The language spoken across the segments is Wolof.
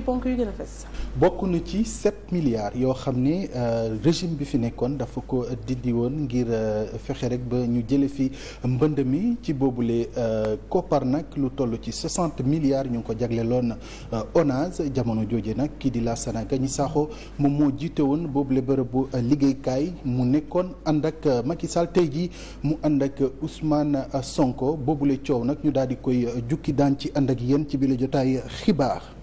ponk yu gën a na ci sept milliards yoo xam ne euh, régime bi fi nekkoon dafa ko dindi woon ngir euh, fexe rek ba ñu jële fi mbënd mi ci boobule euh, koppar nag lu toll ci soixante milliards ñu ngi ko jagleeloon ONAS jamono jooje nag kii di Lassana Gagny Sakho moom moo jiite woon boobule bu liggéeykaay mu nekkoon ànd ak Macky Sall tey jii mu ànd ak Ousmane Sonko boobule coow nag ñu daal di koy jukki daan ci ànd ak yéen ci bi la jotaay xibaar.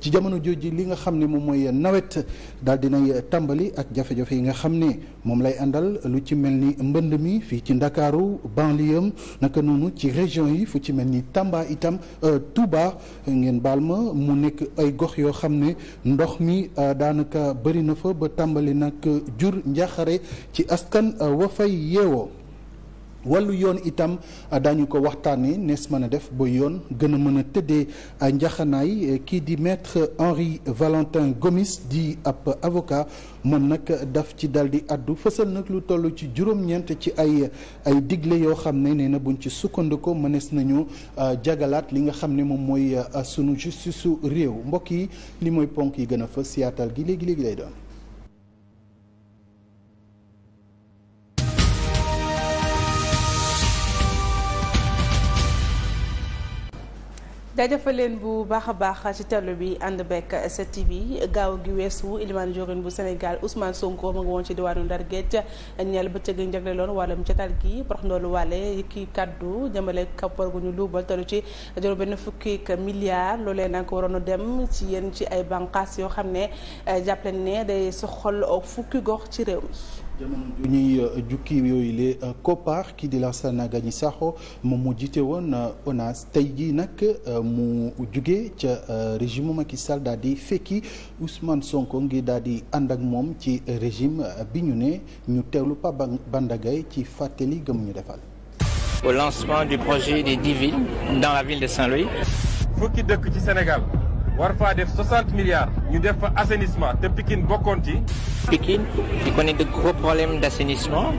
ci jamono jooju li nga xam ne moom mooy nawet daal dinay tàmbali ak jafe-jafe yi nga xam ne moom lay àndal lu ci mel ni mbënd mi fii ci ndakaaru banlieue naka noonu ci région yi fu ci mel ni Tamba itam euh, Touba ngeen baal ma mu nekk ay gox yoo xam ne ndox mi euh, daanaka bëri na fa ba tàmbali nag jur njaaxare ci askan euh, wa fay yeewoo wàllu yoon itam ah, daañu ko waxtaanee nees mën a def ba yoon gën a mën a tëddee ah, njaxanaay eh, kii di maître Henri Valentin Gomis di ab avocat moom nag daf ci dal di addu fësal nag lu toll ci juróom-ñeent ci ay ay digle yoo xam ne nee na buñ ci sukkandiku mënees nañu ah, jagalaat li nga xam ne moom mooy sunu justice su réew mbokk yi li mooy ponk yi gën a fës yaatal gi léegi léegi lay doon. jaajëfal leen bu baax a baax ci tellu bi ànd bekk 7TV gaaw gi weesu ilimaan jorin bu Sénégal Ousmane Sonko ma ngi woon ci diwaanu Ndar Géej ñeel ba bëccëg ñu jagleeloon wàllum jotaal gi prox ndoolu wàlle ki kaddu jëmale kappar gu ñu luubal tollu ci juróom benn fukki milliards loolee nag waroon a dem ci yéen ci ay bànqaas yoo xam ne jàppale ne day soxal fukki gox ci réew mi jamono ju ñuy euh, jukki yooyu les euh, koppar kii di Lansana Gagny Sakho moom moo jiite woon euh, ONAS tey jii nag mu jóge ca régime Macky Sall daal di fekki Ousmane Sonko ngi daal di ànd ak moom ci régime bi ñu ne ñu teewlu Pa Bandagay ci fàttali gëm ñu defal. au lancement du projet des dix villes dans la ville de Saint-Louis. fukki dëkk ci Sénégal. war faa def 60 milliards ñu def fa assainissement te Pikine bokkoon ci. Pikine qui connaît de ko problèmes d'assainissement.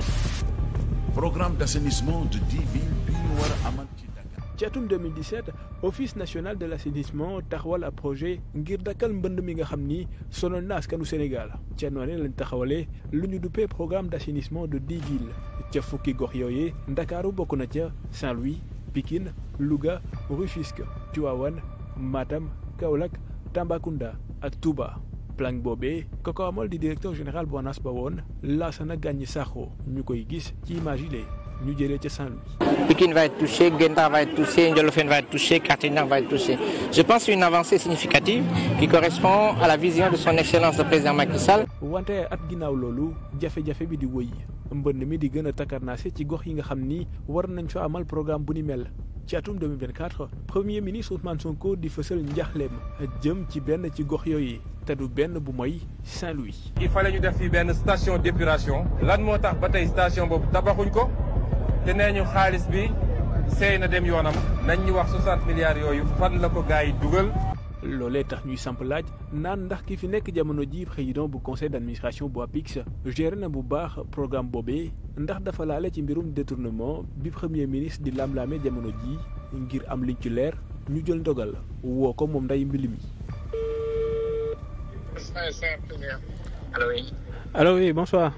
programme d'assainissement de 10 villes bi ñu war a amal ci Dakar. ci atum 2017 office national de projet ngir dakkal mbënd mi nga xam ni sonal na askanu Sénégal ca noonu lañ taxawalee lu ñu duppee programme d'assainissement de 10 villes ca fukki gox yooyee Ndakaaru bokk na ca Saint-Louis Pikine Louga Rufisque Tivaouane Matam. Kaolack Tambacounda ak Touba. plan boobee ka ko amal di directeur général bu ONAS ba woon Lassana Gagny Sakho ñu koy gis ci image yi ñu jëlee ca Saint-Louis. Pikine va être touché Guenta va être touché Ndiolofène va être touché Quartier Nord va être touché je pense une avancée significative qui correspond à la vision de son excellence le président Macky wante at ginnaaw loolu jafe-jafe bi di wëy mbënn mi di gën a takkarnaase ci gox yi nga xam ni war nañ fa amal programme bu ni mel. ci atum 2024 premier ministre Ousmane Sonko di fësal ak jëm ci benn ci gox yooyu te du benn bu mooy Saint-Louis. il fallait ñu def fii benn station d'épuration lan moo tax ba tey station boobu tabaxuñ ko te nee ñu xaalis bi seey na dem yoonam nañ ñu wax 60 milliards yooyu fan la ko gars yi dugal. loolee tax ñuy samp laaj naan ndax ki fi nekk jamono ji président bu conseil d'administration bu sa géré na bu baax programme boobee ndax dafa laale ci mbirum détournement bi premier ministre di lamlaame jamono ji ngir am liñ ci leer ñu jël ndogal woo ko moom nday mbili mi allo oui. allo oui bonsoir.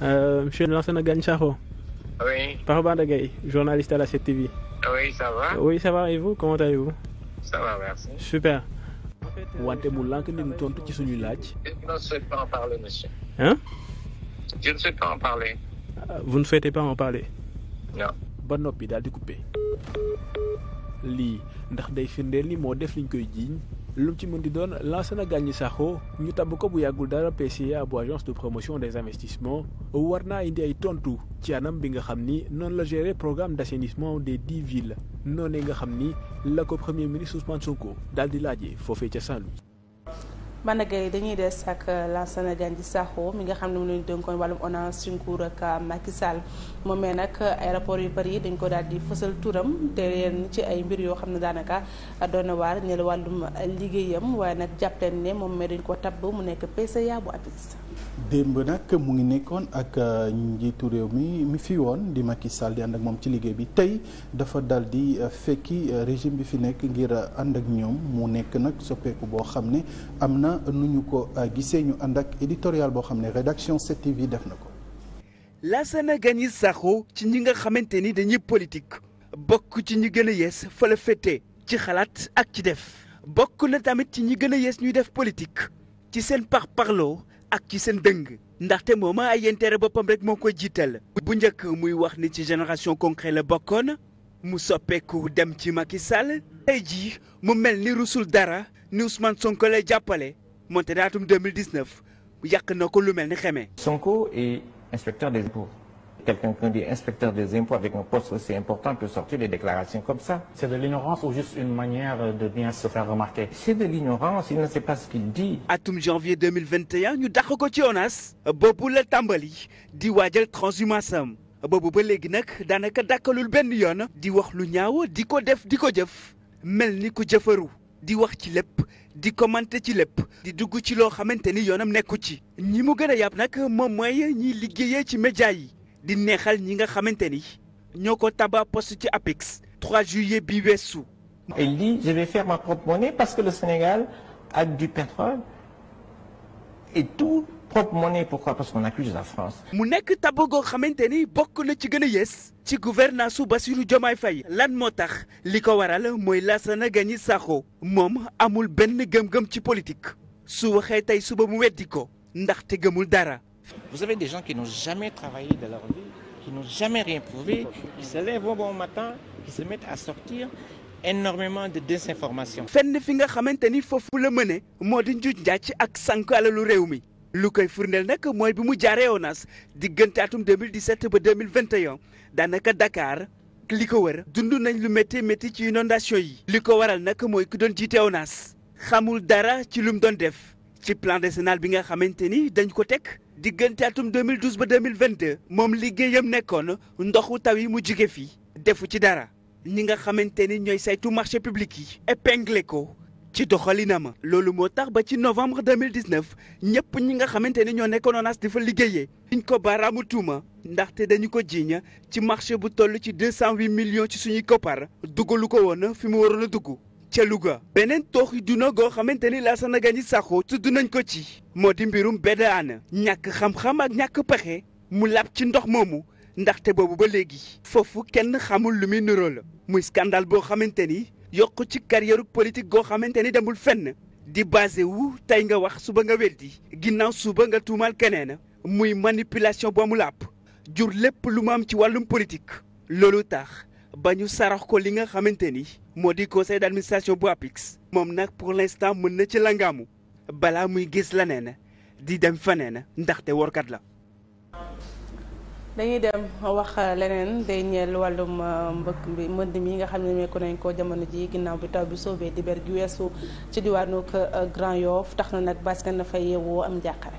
Euh, monsieur Lansana Gagne Sakho. oui. Pape Banda Gaye la 7TV. oui ça va. oui ça ça va merci. super. wante mu lànk ni tontu ci suñuy laaj. je ne hein. je ne souhaite pas en parler. ba noppi daal di coupé. lii ndax day firndeel ni moo def liñ koy jiiñ lu ci mën di doon lancé na gàññi saxoo ñu tabb ko bu yàggul dara PCA bu agence de promotion des investissements war naa indi ay tontu ci anam bi nga xam ni noonu la gérer programme d'assainissement des dix villes noonee nga xam ni la ko premier ministre Ousmane ko daal di laajee foofee ca Saint-Louis Balla yi dañuy des ak euh, Lansana Gagny Sakho mi nga xam ne mu leen dénkoon wàllum ONAS ci nguur ak euh, Macky Sall moom mee nag euh, aéroport yu bari dañ ko daal di fësal turam te leen ci ay mbir yoo xam ne daanaka doon na wàllum ñeel wàllum liggéeyam waaye nag jàpp leen ne moom mee dañ ko tabb mu nekk PCA bu APIX. démb nag mu ngi nekkoon ak euh, njiitu réew mi mi fi woon di Macky Sall di ànd ak moom ci liggéey bi tey dafa dal di euh, fekki euh, régime bi fi nekk ngir ànd ak ñoom mu nekk nag soppeeku boo xam ne am na nu ñu ko gisee ñu ànd ak éditorial boo xam ne rédaction 7TV def na ko. Lassana Gagny Sakho ci ñi nga xamante ni dañuy politique bokk ci ñi gën a yees fa la fete ci xalaat ak ci def bokk na tamit ci ñi gën a yees ñuy def politique ci seen par parloo ak ci seen dëng ndaxte moom ay intérêt boppam rek moo ko jiital bu njëkk muy wax ni ci génération concret la bokkoon mu soppeeku dem ci Macky Sall tey jii mu mel ni rusul dara ni Ousmane Sonko lay jàppale moonte daatum 2019 yàq na ko lu mel ni xeme Sonko est inspecteur des impôts quelqu'un qui dit inspecteur des impôts avec un poste aussi important peut sortir des déclarations comme ça. C'est de l'ignorance ou juste une manière de bien se faire remarquer C'est de l'ignorance, il ne sait pas ce qu'il dit. atum janvier 2021 ñu ci ONAS boobu la tàmbali di waajal transhumance am boobu ba léegi nag daanaka dàkkalul benn yoon di wax lu ñaaw di ko def di ko jëf mel ni ku jëfaru di wax ci lépp di commenter ci lépp di dugg ci loo xamante ni yoonam nekku ci ñi mu gën a yàpp nag moom mooy ñiy liggéeyee ci média yi di neexal ñi nga xamante ni ñoo ko tabax poste ci APEX 3 juillet bi weesu. Elle dit je vais faire ma propre monnaie parce que le Sénégal a du pétrole et tout propre monnaie pourquoi parce qu'on accuse la France. mu nekk tabax goo xamante ni bokk na ci gën a yées. ci gouvernance su Bassirou Diomaye Faye lan moo tax li ko waral mooy la Gagny Sakho moom amul benn gëm-gëm ci politique su waxee tey suba mu weddi ko ndaxte gëmul dara. Vous avez des gens qui n'ont jamais travaillé de leur vie, qui n'ont jamais rien prouvé, qui se lèvent au bon matin, qui se mettent à sortir énormément de désinformation. fenn fi nga xamante ni foofu la mëne moo di njuuj njaac ak sànq alalu réew mi lu koy furneel nag mooy bi mu jaaree ONAS diggante atum 2017 ba 2021 daanaka dakaar li ko wër dund nañ lu métti métti ci inondation yi. li ko waral nag mooy ku doon jiite ONAS xamul dara ci lu mu doon def ci plan décennal bi nga xamante ni dañ ko teg. diggante atum 2012 ba 2022 moom liggéeyam nekkoon ndoxu taw yi mu jóge fii defu ci dara ñi nga xamante ni ñooy saytu marché public yi épinglé ko ci ma loolu moo tax ba ci novembre 2019 ñëpp ñi nga xamante ni ñoo nekkoonoon ONAS di fa liggéeyee liñ ko baaraamu tuuma ndaxte dañu ko jiiñ ci marché bu toll ci 208 millions ci suñuy koppar dugalu ko woon fi mu waroon a dugg ca Louga beneen tooxi duna goo xamante ni Lassana Gagny Sakho tudd nañ ko ci moo di mbirum bedaana ñàkk xam-xam ak ñàkk pexe mu lab ci ndox moomu ndaxte boobu ba léegi foofu kenn xamul lu muy niroo la muy skandal boo xamante ni yokk ci carrière politique goo xamante ni demul fenn di basé wu tey nga wax suba nga di ginnaaw suba nga tuumal keneen muy manipulation boo mu làpp jur lépp lu mu am ci wàllum politique loolu tax ba ñu sarax ko li nga xamante ni moo di conseil d'administration bu APIX moom nag pour l'instant mën na ci langaamu balaa muy gis leneen di dem feneen ndaxte workat la dañuy dem wax leneen day ñeel wàllum euh, mbëkk bi mbënd mi nga xam ne meeku nañ ko jamono ji ginnaaw bi taw bi soobee di gi weesu ci diwaanu euh, Grand Yoff tax na nag baskan na fa yeewoo am jàqare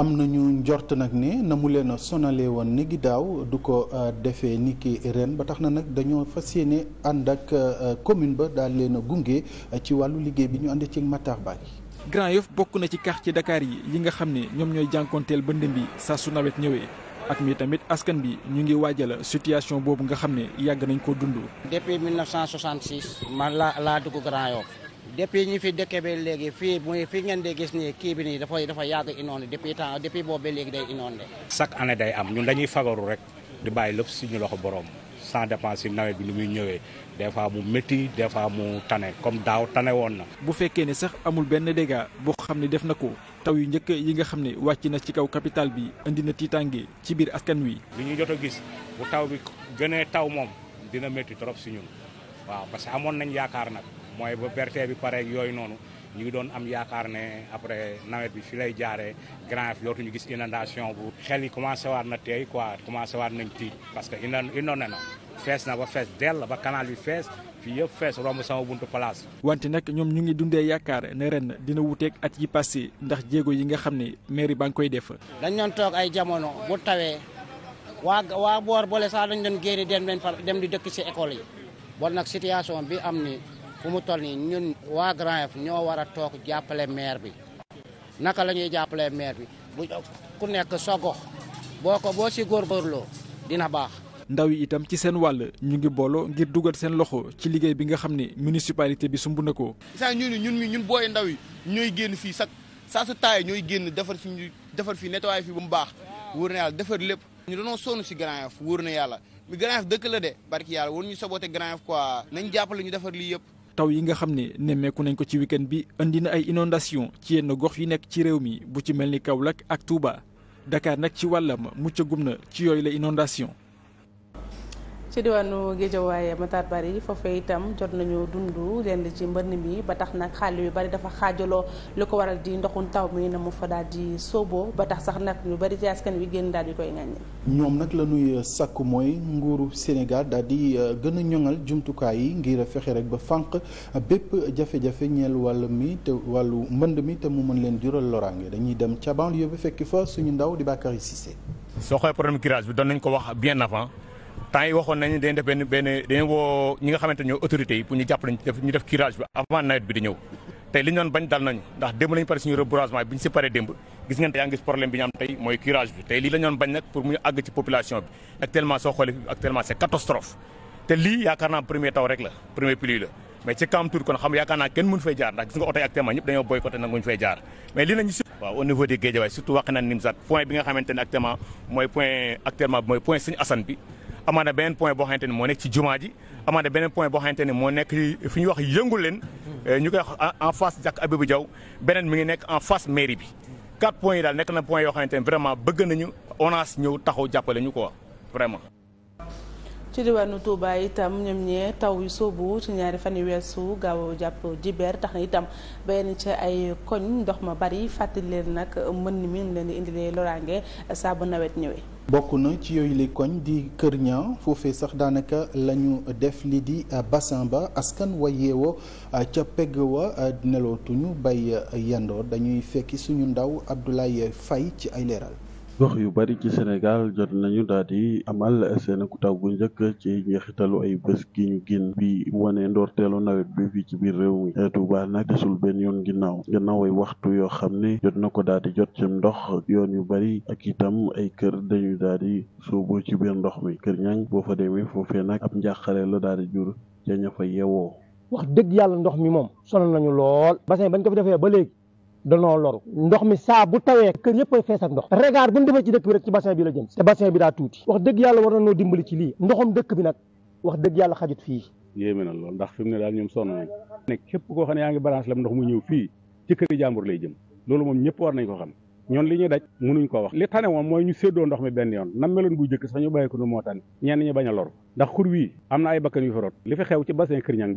am na ñu njort nag ne na mu leen a sonalee woon ni gi daaw du ko euh, defee ni ki ren ba tax na nag dañoo fas yéene ànd ak euh, commune ba daal leen a gunge euh, ci wàllu liggéey bi ñu ànd ci Matar Ba yi Grand Yoff bokk na ci ci Dakar yi yi nga xam ne ñoom ñooy jànkonteel ba ndëm bi saa su nawet ñëwee ak mi tamit askan bi ñu ngi waajal situation boobu nga xam ne yàgg nañ ko dund. depuis 1966. man laa laa dugg Grand Yoff depuis ñu fi dëkk bi léegi fii muy fi ngeen di gis nii kii bi nii dafa dafa yàgg inondé depuis temps depuis boobu ba léegi day inondé. chaque année day am ñun dañuy fagaru rek di bàyyi lépp suñu loxo borom sans dépense si nawet bi nu muy ñëwee des fois mu métti des fois mu tane comme daaw tane woon na. bu fekkee ne sax amul benn dégât boo xam ne def na ko taw yu njëkk yi nga xam ne wàcc na ci kaw capital bi indi na tiitaange ci biir askan wi. li ñu jot a gis bu taw bi gënee taw moom dina métti trop si ñun waaw parce que amoon nañ yaakaar nag. mooy ba berte bi pareeg yooyu noonu ñu ngi doon am yaakaar ne après nawet bi fi lay jaaree Grand Yoff ñu gis inondation bu xel yi commencé waat na tey quoi commencé waat nañ tiit parce que inon inondé na fees na ba fees dell ba canal bi fees fii yëpp fees romb sama buntu place. wante nag ñoom ñu ngi dundee yaakaar ne ren dina wuteeg at yi passé ndax jéego yi nga xam ne mairie ba nga koy def. dañ doon toog ay jamono bu tawee waa waa boor boole sax dañ doon génne dem leen fa dem di dëkk ci école yi fu mu toll nii ñun waa Grand ñoo war a toog jàppale maire bi naka la ñuy jàppale maire bi bu ku nekk sa gox boo ko boo si góorgóorloo dina baax. ndaw yi itam ci seen wàll ñu ngi booloo ngir dugal seen loxo ci liggéey bi nga xam ne municipalité bi sumb na ko. saa ñu ñun mi ñun booy ndaw yi ñooy génn fii sax saa su taay ñooy génn defar fi ñu defar fii nettoyé fii ba mu baax wóor na yàlla defar lépp. ñu doonoo sonn si Grand Yoff wóor na yàlla mi Grand dëkk la de barki yàlla war ñu saboté Grand Yoff quoi nañ jàppale ñu defar lii yëpp. taw yi nga xam ne nemmeeku nañ ko ci week bi indi na ay inondation ci yenn gox yi nekk ci réew mi bu ci mel ni Kaolack ak Touba ndakaar nag ci wàllam muccagum na ci yooyu la inondation ci diwaanu Géejawaay Matar Bari foofee itam jot nañu dund lenn ci mbënn mi ba tax nag xàll yu bari dafa xaajaloo lu ko waral di ndoxum taw mi na mu fa daal di ba tax sax nag ñu bari ci askan wi génn daal di koy ŋàññi. ñoom nag la ñuy sàkk mooy nguuru Sénégal dal di euh, gën a ñoŋal jumtukaay yi ngir fexe rek ba fànq bépp jafe-jafe ñeel wàll mi te wàllu mbënd mi te mu mën leen jural loraange dañuy dem ca banlieue bi fekk fa suñu ndaw di Bakary Cissé. soo xoolee problème curage bi doon nañ ko wax bien avant. temps yi waxoon nañu dañ def benn benn dañ woo ñi nga xamante ñoo autorités yi pour ñu jàppale ñu def curage bi avant nawet bi di ñëw tey li ñu doon te lii yaakaar naa premier taw rek la premier pluie la mais ci Camp Tour kon xam yaakaar naa kenn mun fay jaar ndax gis nga oto actuellement ñëpp dañoo boycotté nag muñ fay jaar mais lii nañu waaw au niveau de Guédiawaye surtout wax na Nimzat point bi nga xamante ne actuellement actuellement mooy point Sëñ Assane bi amaana beneen point boo xamante ne moo nekk ci jumaa ji a beneen point boo xamante ne moo nekk fi ñuy wax yëngu leen eh, ñu ko wax en face jàkk bu jaw beneen mi ngi nekk en face mairie bi quatre points yi daal nekk na point yoo xamante ne vraiment bëgg nañu ONAS ñëw taxaw jàppale ñu quoi vraiment ci diwaanu Touba itam ñoom ñee taw yu sóobu ci ñaari fan yu weesu gaaw jàpp jibeer tax na itam ba yenn ci ay koñ ndox ma bari fàttali leen nag mën mi leen di indilee loraange saa bu nawet ñëwee. bokk na ci yooyu li koñ di Kër Ñaa foofe sax daanaka lañu def li di bassin ba askan wa yeewoo ca pegg wa nelootuñu bay yandoo dañuy fekki suñu ndaw Abdoulaye fay ci ay leeral. gox yu bari ci Sénégal jot nañu daal di amal seen taw bu njëkk ci njeexitalu ay bés gi ñu génn bi wane ndoorteelu nawet bi fii ci biir réew mi Touba nag desul benn yoon ginnaaw gannaaw ay waxtu yoo xam ne jot na ko daal di jot ci ndox yoon yu bari ak itam ay kër dañu daal di sóobu ci biir ndox mi kër ñang boo fa demee foofee nag ab njàqare la daal di jur ca ña fa yeewoo. wax dëgg yàlla ndox mi moom sonal nañu lool. bassin bañ ko fi defee ba léegi. danoo loru ndox mi saa bu tawee kër yëpp ay fees ak ndox regard bu ñu demee ci dëkk bi rek ci bassin bi la jëm te bassin bi daa tuuti wax dëgg yàlla war na noo dimbali ci lii ndoxam dëkk bi nag wax dëgg yàlla xajut fii yéeme na lool ndax fi mu ne daal ñoom sonn nañ képp koo xam ne yaa ngi branche lam ndox mu ñëw fii ci këri jàmbur lay jëm loolu moom ñëpp war nañ ko xam ñoon li ñuy daj mënuñ ko wax li tane moom mooy ñu séddoo ndox mi benn yoon nam bu jëkk sax ñu bàyyi a na ay bakkan yu fi rot li fi xew ci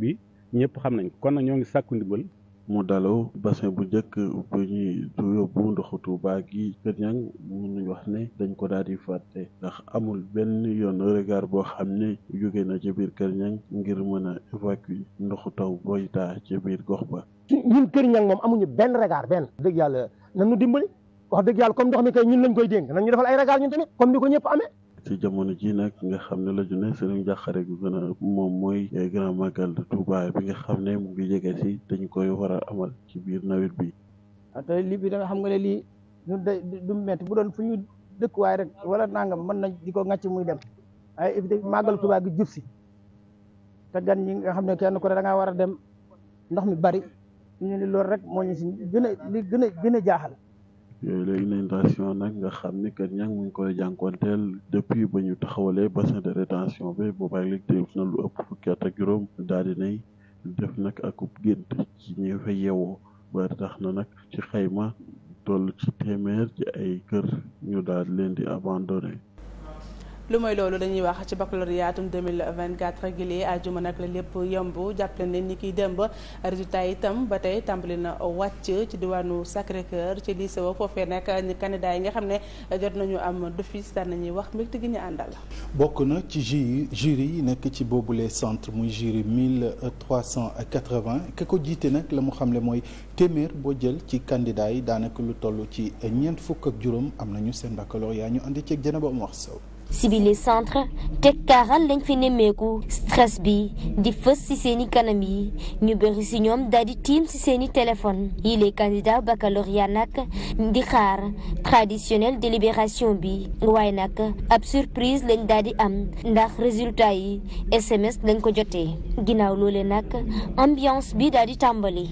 bi ñëpp xam nañ ko kon ñoo ngi sàkku ndimbal mu daloo bassin bu njëkk bu ñuy du yóbbu ndoxu Tuuba gi kër ñang mënuñ wax ne dañ ko daal di fàtte ndax amul benn yoon regard boo xam ne jóge na ci biir kër ñang ngir mën a évacuer ndoxu taw booy taa ci biir gox ba. ñun kër ñang moom amuñu benn regard benn. dëgg yàlla nan nu dimbali wax dëgg yàlla comme ndox mi kay ñun lañ koy dénk nan ñu defal ay regard ñun tamit comme ni ko ñëpp amee. ci jamono ji nag nga xam ne la june sëriñ Jaxare gu gën a moom mooy grand magal de Touba bi nga xam ne mu ngi jege si dañ koy war a amal ci biir nawet bi ah, te lii bi danga xam nga ne lii ñu du bu doon fu ñu dëkkuwaay rek wala nangam mën na di ko ŋàcc muy dem ay ah, màggal Touba gi si te gan ñi nga xam ne kenn ku ne da war a dem ndox mi bari ñu ne loolu rek moo ñu si gën a li gën a gën a jaaxal yooyu la inondation nag nga xam ni Kër Niang mu ngi koy jànkuwanteel depuis ba ñu taxawalee bassin de rétention bi boobaag léegi def na lu ëpp fukki at ak juróom daal di nay def nag akub gént ci ñi fa yeewoo ba tax na nag ci xayma toll ci téeméer ci ay kër ñu daal leen di abandonné. lu mooy loolu dañuy wax ci baccalauréatum 2024 régulier àjjuma nag la lépp yemb jàppale ne ni kiy démb résultat yi itam ba tey tàmbali na wàcc ci diwaanu Sacré Cœur ci lycée wa foofee nag ñi candidat yi nga xam ne jot nañu am d'office daan nañuy wax mbégte gi ñu àndal. bokk na ci ju jury yi nekk ci boobule centre muy jury 1380 ki ko jiite nag la mu xamle mooy téeméer boo jël ci candidat yi daanaka lu toll ci ñeent fukk ak juróom am nañu seen baccalauréat yaa ñu andi ceeg jëna ba mu wax sow si bile centre teg kaaral lañ fi nemmeeku stress bi di fës si seeni kanam yi ñu bëri si ñoom daal di ci si seeni téléphone yi les candidats baccalauréat nag di xaar traditionnel délibération bi waaye nag ab surprise lañ daal di am ndax résultat yi SMS lañ ko jotee ginnaaw loole nag ambiance bi daal di tàmbali.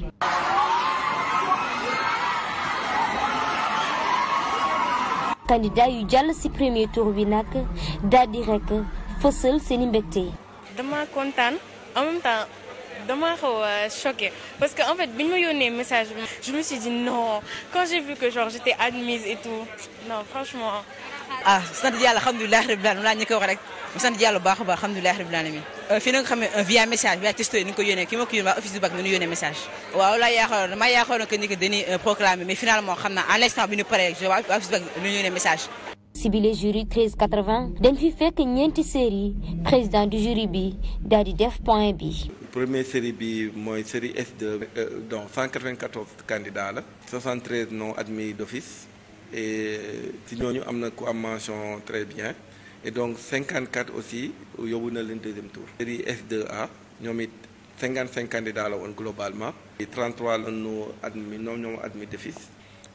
candidat yu jàll ci premier tour bi nag daal di rek fësal seen dama kontaan en même temps dama xaw a choqué parce que en fait bi ñu ma yónnee message bi. je me suis dit non quand j'ai vu que genre j'étais admise et tout non franchement. ah sant yàlla alhamdulilah rabbil alamin laa ñu ko wax rek sant yàlla bu baax a baax alhamdulilah rabbil alamin Euh, fii na nga xam ne euh, via message via texto yi ni ko yónnee ki ma ko yónnee waa office du bac nañu yónnee message waaw laa yaakaaroon damaa yaakaaroon que ni que dañuy euh, proclamer mais finalement xam naa à l' instant bi ñu paree waa office message si bile jury 1380 dañ fi fekk du jury bi daal di def point bi première série bi mooy série S2 donc 194 candidats la 73 non d'office et si ñooñu am na ku am mention très bien et donc 54 aussi yóbbu na leen deuxième tour. série S2A ñoom it 55 candidats la woon globalement. et 33 la ñu admis ñoom ñoom admis d'office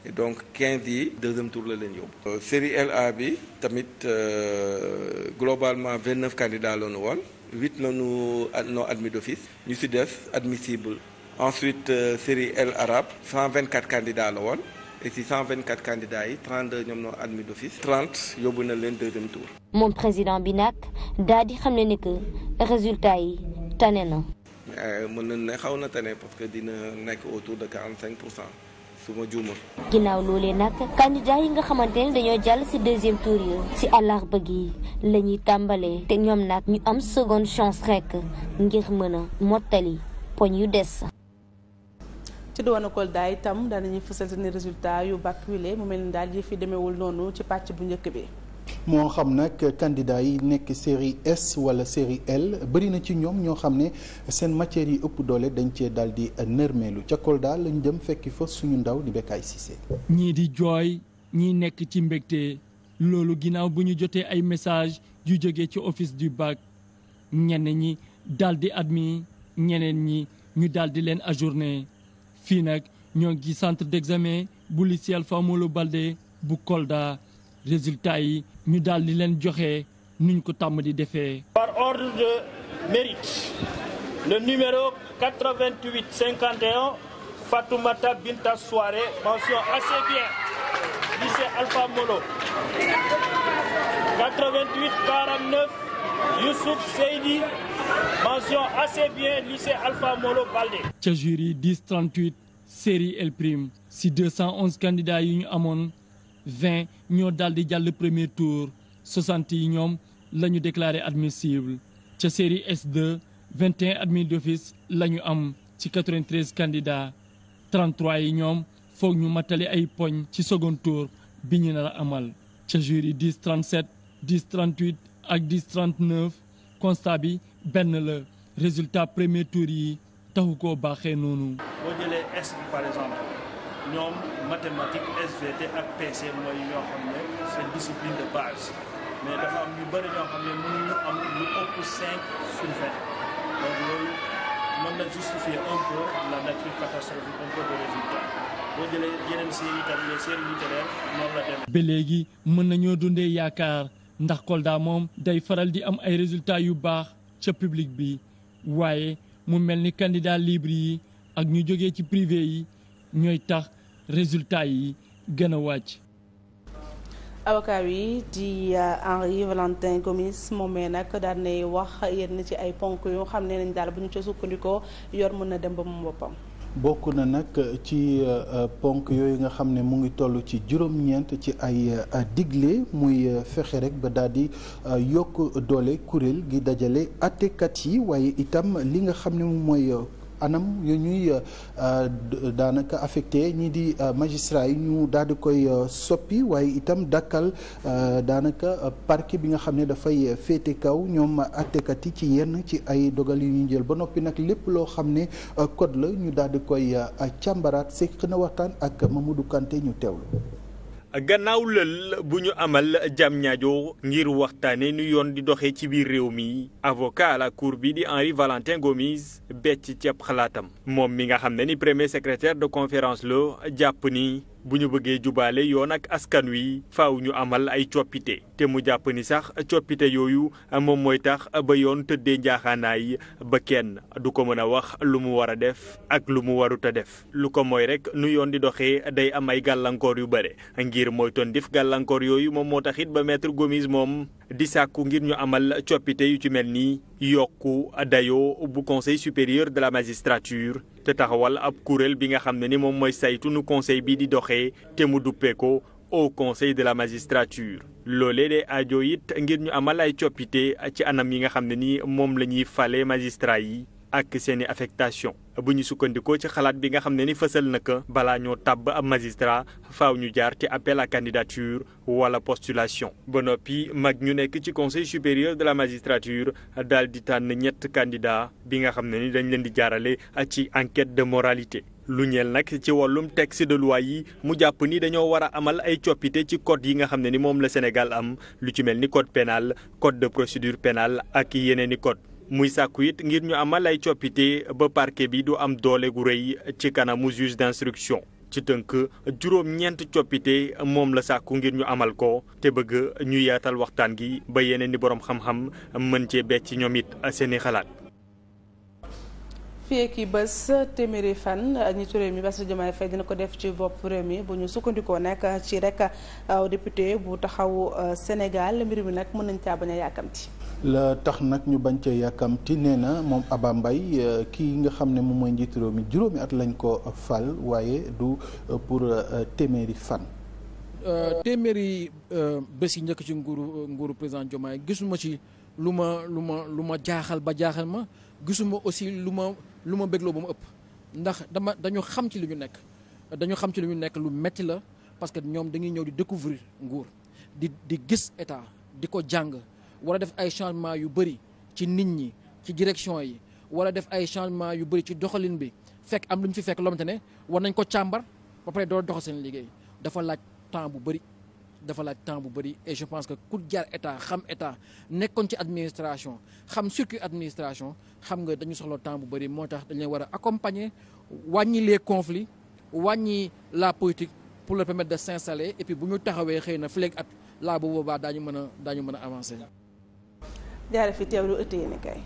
et donc 15 yi deuxième tour la leen yóbbu. Euh, série LA bi tamit euh, globalement 29 candidats la ñu woon 8 la ñu non admis d'office ñu si def admissible ensuite euh, série L arabe 124 candidats la woon. et si 124 candidats yi 32 ñoom ñoo admis d'office 30 yóbbu na leen deuxième tour. moom président bi nag daal xam ne ni que résultat yi tane na. Euh, mën na xaw na tane parce que dina nekk autour de 45 pour cent su ma juuma. ginnaaw loolee nag candidats yi nga xamante ne dañoo jàll ci deuxième tour yi. ci àllarba gi la tàmbalee. te ñoom nag ñu am seconde chance rekk ngir mën a mottali poñ yu des. ci diwaanu Kolda itam danañuy fësal seeni résultat yu bakk wile mu mel ni daal yi fi demeewul noonu ci pàcc bu njëkk bi. moo xam nag candidat yi nekk série S wala série L bëri na ci ñoom ñoo xam ne seen matières yi ëpp doole dañ cee daldi di nërmeelu ca Kolda lañ jëm fekki fa suñu ndaw di Bécaye Cissé. ñii di jooy ñii nekk ci mbégte loolu ginnaaw bu ñu jotee ay message yu jóge ci office du bac ñenn ñi daldi di admis ñeneen ñi ñu daal di leen ajourné. fii nag ñoo ngi centre d'examen bu lycée Alpha Molo Baldé bu Kolda résultat yi ñu daal di leen joxe nuñ ko tàmm di defee. par ordre de mérite le numéro 88 51 Fatoumata Binta Souare mention assez bien lycée Alpha Molo Youssouf Seydi mention assez bien lycée Alpha Molo Baldé. ca jury 10 38 prime si 211 yi ñu amoon 20 ñoo daal di jàll premier tour 60 yi ñoom la ñu déclaré admissible ca série S2 21 admis d'office la ñu am ci 93 candidats 33 yi ñoom foog ñu matali ay poñ ci second tour bi ñu nar a amal ca jury 10 37 ak 10 39 constat bi benn la résultat premier yi taxu ko baaxee noonu. boo jëlee S bi par exemple ñoom mathématique SVT ak PC mooy ñoo xam ne seen discipline de base mais dafa am ñu bëri ñoo xam ne mënuñu am lu ëpp 5 sur 20 loolu mën na justifier un la nature catastrophique un peu de résultat boo jëlee yeneen séries tamit les séries littéraires la demee. ba léegi mën nañoo dundee yaakaar. ndax koldaa moom day faral di am ay résultats yu baax ca public bi waaye mu mel ni candidat libre yi ak ñu jóge ci privé yi ñooy tax résultats yi gën a wàcc. avocat yi di euh, Henri Valentin Gomis moomee nag daan nay wax yenn ci ay ponk yoo xam ne nañ daal bu ñu ca sukkandikoo yor mën na dem ba boppam. bokk na nag ci euh, euh, ponk yooyu nga xam ne mu ngi toll ci juróom-ñeent ci ay euh, digle muy fexe rek ba daal di yokk doole kuréel gi dajale àttekat yi waaye itam li nga xam ne moom mooy anam yu ñuy euh, euh, daanaka affecté ñi di euh, magistrat yi ñu daal di koy soppi waaye itam dakkal daanaka parquet bi nga xam ne dafay féete kaw ñoom attekat yi ci yenn ci ay dogal yu ñu jël ba noppi nag lépp loo xam ne code la ñu daal di koy càmbaraat seq na waxtaan ak Mamadou Kanté ñu teewlu. gannaaw lël bu ñu amal jam ñaajo ngir waxtaane nu yoon di doxee ci biir réew mi avocat à cour bi di Henri Valentin Gomis becc ceeb xalaatam moom mi nga xam ne ni premier secrétaire de conférence la jàpp ni bu ñu bëggee jubaale yoon ak askan wi faaw ñu amal ay coppite te mu jàpp ni sax coppite yooyu moom mooy tax ba yoon tëddee njaaxaanaay ba kenn du ko mën a wax lu mu war a def ak lu mu warut a def lu ko mooy rek nu yoon di doxee day am ay gàllankoor yu bare ngir mooy ton gàllankoor yooyu moom moo tax it ba maître Gomis moom di sàkku ngir ñu amal coppite yu ci mel nii yokk dayoo bu conseil supérieur de la magistrature te taxawal ab kuréel bi nga xam ne ni moom mooy saytu nu conseil bi di doxee te mu duppee ko au conseil de la magistrature loolee de ajo it ngir ñu amal ay coppite ci anam yi nga xam ne ni moom la ñuy fale magistrat yi ak seen i affectation bu ñu sukkandikoo ci xalaat bi nga xam ne ni fësal na ko balaa ñoo tàbb ab magistrat faaw ñu jaar ci appel à candidature wala postulation ba noppi mag ñu nekk ci conseil supérieur de la magistrature daal di tànn ñett candidat bi nga xam ne ni dañ leen di jaarale ak ci enquête de moralité lu ñeel nag ci wàllum texte de loi yi mu jàpp ni dañoo war a amal ay coppite ci code yi nga xam ne ni moom la Sénégal am lu ci mel ni code pénal code de procédure pénale ak yeneen muy sàkku it ngir ñu amal ay coppite ba parke bi du am doole gu rëy ci kanamu juge d'instruction ci tënk juróom-ñeent coppite moom la sàkku ngir ñu amal ko te bëgg ñu yaatal waxtaan gi ba yeneen ni boroom xam-xam mën cee becc ñoom it seeni xalaat. fii ak bés téeméeri fan njiitu réew mi Bassirou Diomaye Faye dina ko def ci bopp réew mi bu ñu sukkandikoo nag ci rek député bu taxawu Sénégal mbir mi nag mën nañ caa bañ a yàkkamti. la tax nag ñu bañ cee yàkkamti nee na moom Aba Mbaye euh, kii nga xam ne moom mooy njiitu juróomi at lañ ko fal waaye du euh, pour euh, téeméeri fan. téeméeri bés yi njëkk ci nguuru nguuru président Diomaye gisuma ci lu ma lu ma lu ma jaaxal ba jaaxal ma gisuma aussi lu ma lu ma bégloo ba mu ëpp ndax dama dañu xam ci li ñu nekk dañu xam ci li ñu nekk lu metti la parce que ñoom dañuy ñëw di découvrir nguur di di gis état di ko jàng. war a def ay changement yu bëri ci nit ñi ci direction yi war a def ay changement yu bëri ci doxalin bi fekk am lu ñu fi fekk lomte ne war nañ ko càmbar ba pare doo doxal seen liggéey dafa laaj temps bu bëri dafa laaj temps bu bëri et je pense que ku jaar état xam état nekkoon ci administration xam circuit administration xam nga dañu soxla temps bu bëri moo tax dañ war a accompagner wàññi les conflits wàññi la politique pour leur permettre de s'installer et bu ñu taxawee xëy na fleg at laa boobu baa daañu mën a daañu mën a avancer jaare fi teewlu ëtt yéen kay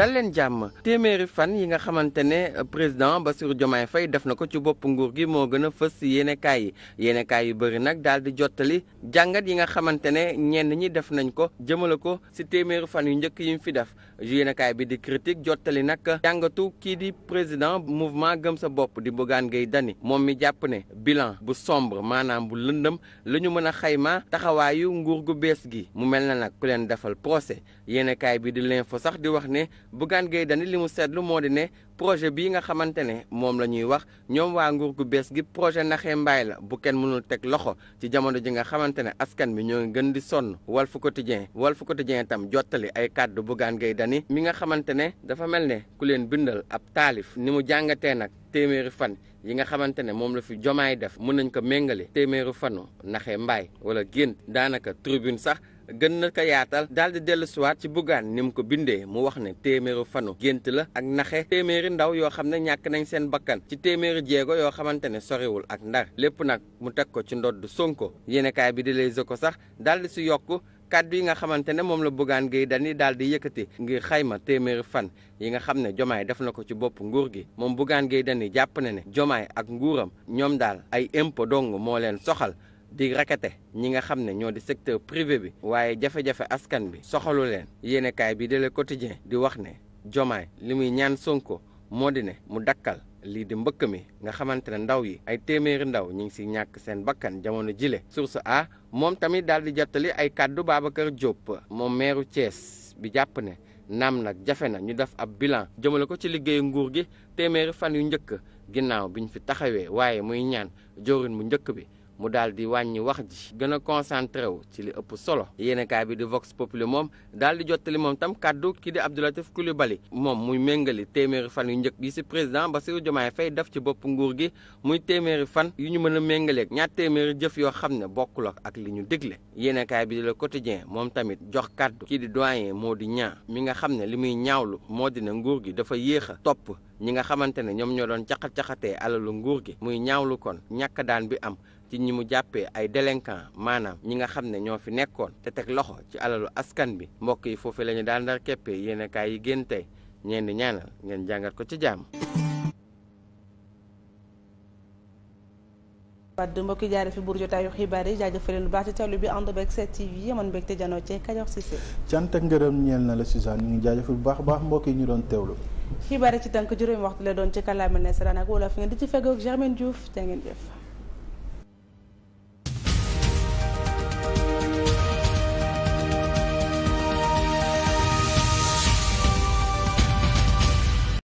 dal leen jàmm téeméeri fan yi nga xamante ne euh, président Bassirou Diomaye Faye def na ko ci bopp nguur gi moo gën a fës yéenekaay yi yéenekaay yu bëri nag daal di jottali jàngat yi nga xamante ne ñenn ñi def nañ ko jëmale ko si téeméeri fan yu njëkk yi mu fi def yéenekaay bi di critique jottali nag jàngatu kii di président mouvement gëm sa bopp di bëggaan Gueye dani moom mi jàpp ne bilan bu sombre maanaam bu lëndëm la ñu mën a xayma taxawaayu nguur gu bees gi mu mel na nag ku leen defal procès yéenekaay bi di l'info sax di wax ne Bougane Gueye Dany li mu seetlu moo di ne projet bii nga xamante ne moom la ñuy wax ñoom waa nguur gu bees gi projet naxee mbaay la bu kenn mënul teg loxo ci jamono ji nga xamante ne askan bi ñoo ngi gën di sonn wal fu Walf Quotidien Walf Quotidien itam jottali ay kàddu Bougane Gueye Dany mi nga xamante ne dafa mel ne ku leen bindal ab taalif ni mu jàngatee nag téeméeri fan yi nga xamante ne moom la fi jomaay def mën nañ ko méngale téeméeri fanu naxee mbaay wala gént daanaka tribune sax gën na kayaatal yaatal daal di dellu siwaat ci buggaan ni mu ko bindee mu wax ne téeméeru fanu gént la ak naxe téeméeri ndaw yoo xam ne ñàkk nañ seen bakkan ci téeméeri jéego yoo xamante ne soriwul ak ndar lépp nag mu teg ko ci ndodd Sonko yéenekaay bi di Les ko sax daal di si yokk kàddu yi nga xamante ne moom la Bougane Gueye Dany daal di yëkkati ngir xayma téeméeri fan yi nga xam ne jomaay def na ko ci bopp nguur gi moom Bougane Gueye Dany jàpp na ne joma ak nguuram ñoom daal ay impôt dong moo leen soxal di rakete ñi nga xam ne ñoo di secteur privé bi waaye jafe-jafe askan bi soxalu leen yéenekaay bi de Le Quotidien di wax ne Jomaay li muy ñaan Sonko moo di ne mu dakkal lii di mbëkk mi nga xamante ne ndaw yi ay téeméeri ndaw ñu ngi si ñàkk seen bakkan jamono jile source a moom tamit daal di jottali ay kàddu Babacar Diop moom meeru Thiès bi jàpp ne naam nag jafe na ñu def ab bilan jëmale ko ci liggéeyu nguur gi téeméeri fan yu njëkk ginnaaw bi ñu fi taxawee waaye muy ñaan joorin mu njëkk bi mu daal di wàññi wax ji gën a concentré wu ci li ëpp solo yéenekaay bi di Vox Populi moom daal di jottali moom tam kàddu ki di Abdou Latif Coulibaly moom muy méngali téeméeri fan yu njëkk yi si président Bassirou Diomaye Faye def ci bopp nguur gi muy téeméeri fan yu ñu mën a méngaleeg ñaar téeméeri jëf yoo xam ne bokkul ak li ñu digle yéenekaay bi di Le Quotidien moom tamit jox kàddu kii di doyen moo di ñaa mi nga xam ne li muy ñaawlu moo di ne nguur gi dafa yéex a topp ñi nga xamante ne ñoom ñoo doon caxat-caxatee alalu nguur gi muy ñaawlu kon ñàkk daan bi am ci ñi mu jàppee ay délinquant maanaam ñi nga xam ne ñoo fi nekkoon te teg loxo ci alalu askan bi mbokk yi foofu lañu daal daan dar keppee kaay yi génn tey ñeen ñaanal ngeen jàngat ko ci jàmm wadd mbokki jaare fi buur jotaayu xibaar bi ànd beeg 7TV amoon mbégte janoo ci Kajoor Cissé cant ak ngërëm ñeel na la Suzanne ñu ngi jaajëfal bu baax baax mbokk yi ñu doon teewlu xibaar ci tënk juróomi waxtu la doon ci kàllaama nasaraan ak wolof ngeen di ci feggoog Germaine Diouf jaa ngeen jëf.